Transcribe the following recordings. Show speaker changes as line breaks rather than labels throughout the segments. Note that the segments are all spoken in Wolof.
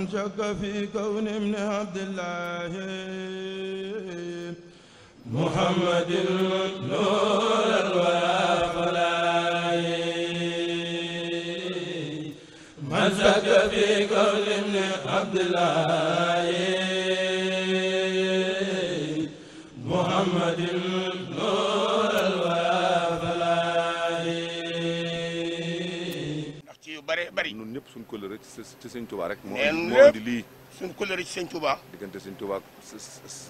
من شك في كون ابن عبد الله محمد نور الورى فلاي من شك في كون ابن عبد الله محمد yu bare bari ñun ñëpp suñ kóllëre ci sëñ Touba rek moo indi lii suñ kóllëre ci sëñ Touba diggante sëñ Touba ak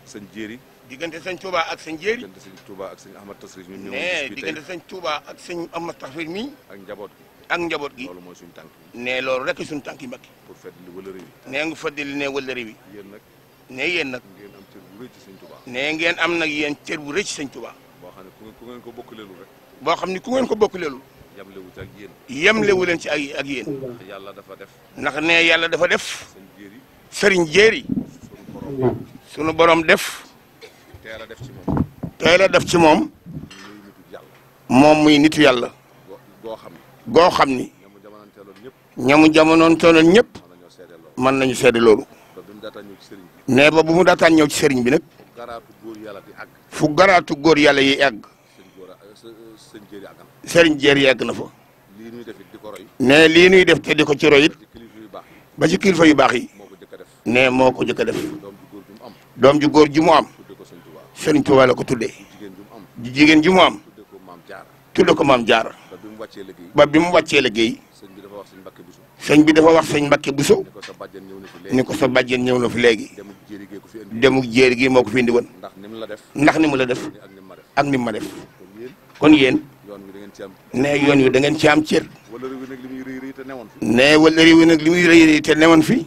sëñ Jéeri diggante sëñ Touba ak sëñ Jéeri diggante sëñ Touba ak sëñ Ahmad Tasrif ñun ñëw diggante sëñ Touba ak sëñ Ahmad Tasrif mi ak njaboot ak njaboot gi loolu mooy suñu tànk ne loolu rek suñu tànk yi mbakki pour feddali wëlëre bi ne nga feddali ne wëlëre bi yéen nag ne yéen nag ngeen am cër bu rëy ci sëñ Touba ne ngeen am nag yéen cër bu rëy ci sëñ Touba boo xam ne ku ngeen ko bokk leelul rek boo xam ne ku ngeen ko bokk yemlewu ci ak yemlewu leen ci ak ak yéen. ndax dafa def. ndax ne yàlla dafa def. sëriñ jéeri. sunu borom def. teel def ci moom. def ci moom. moom muy nit yàlla. goo xam ni. goo xam ni. ñamu jamonoon toonoon ñëpp. mën nañu seede loolu. ne ba bu mu data ñëw ci sëriñ bi nag. fu garaatu góor yàlla yi àgg. sëñ Jéer yàgg na. sëriñ Jéer yàgg na fa. lii nuy def di ko roy. ne lii nuy def te di ko ci roy it. ba ci kilifa yu baax yi. ne moo ko jëkk a def. doom ju góor ju mu am. sëriñ Tuubaa la ko tuddee. ji jigéen ju mu am. tudde ko maam jaar. ba bi mu wàccee liggéey. sëñ bi dafa wax sëñ Mbakke Buso. ni ko sa bàjjen ñëw na fi léegi. demuk jéeri gi moo ko fi indi woon. ndax ni mu la def. ak ni ma def. kon yéen ne yoon wi da ngeen ci am cër ne wala réew mi nag li muy rëy rëy te newoon fi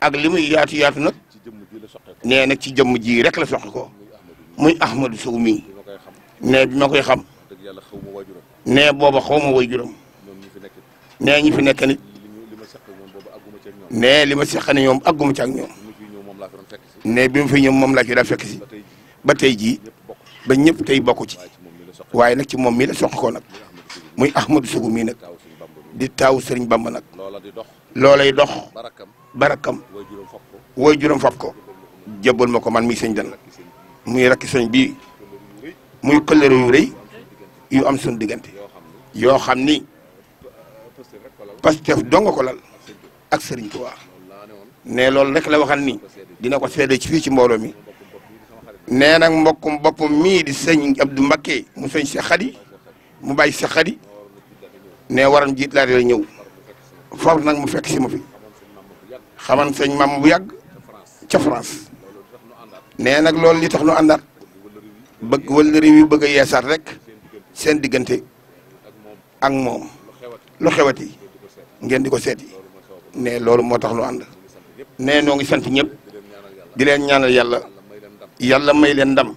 ak li muy yaatu yaatu nag nee nag ci jëmm ji rek la soxla ko muy Ahmadou Sow mii ne bi ma koy xam ne booba xaw ma way juróom ne ñi fi nekk nit ne li ma seqane ñoom àgguma ci ak ñoom ne bi ma fi ñëw moom laa ci daa fekk si ba tey jii ba ñëpp tey bokku ci. waaye nag ci moom mii la soq ko nag muy Ahmadou Sougou mii nag di taaw Serigne Bamba nag loolay dox barakam wooy juróom fab ko jëbbal ma ko man mii sëñ dan muy rakki sëñ bi muy këllëre yu rëy yu am suñu diggante yoo xam ni Pastef donga ko lal ak Serigne Touba ne loolu rek la waxal ni dina ko seede ci ci mbooloo mi nee nag mbokkum boppam mii di sëñ Abdou Mbakke mu sëñ Cheikh Khady mu bàyyi Cheikh Khady ne waram jiit laa di ñëw foofu nag mu fekk si ma fi xaman sëñ mam bu yàgg ca France nee nag loolu li tax nu àndaat bëgg wëllëri wi bëgg a yeesaat rek seen diggante ak moom lu xewati ngeen di ko seeti ne loolu moo tax nu ànd ne noo ngi sant ñëpp di leen ñaanal yàlla yàlla may leen ndam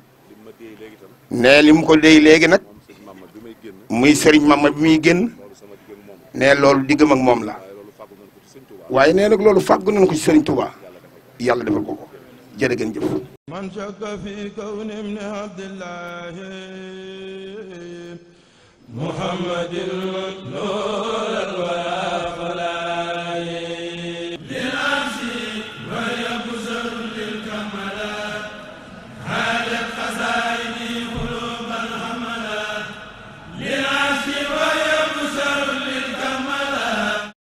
nee li mu ko déy léegi nag muy sëriñ mama bi muy génn nee loolu diggam ak moom la waaye nee nag loolu fàggu nañ ko ci sëriñ Touba yàlla defal ko ko jërë ngeen jëf man shakka fi kawni ibni abdillahi muhammadin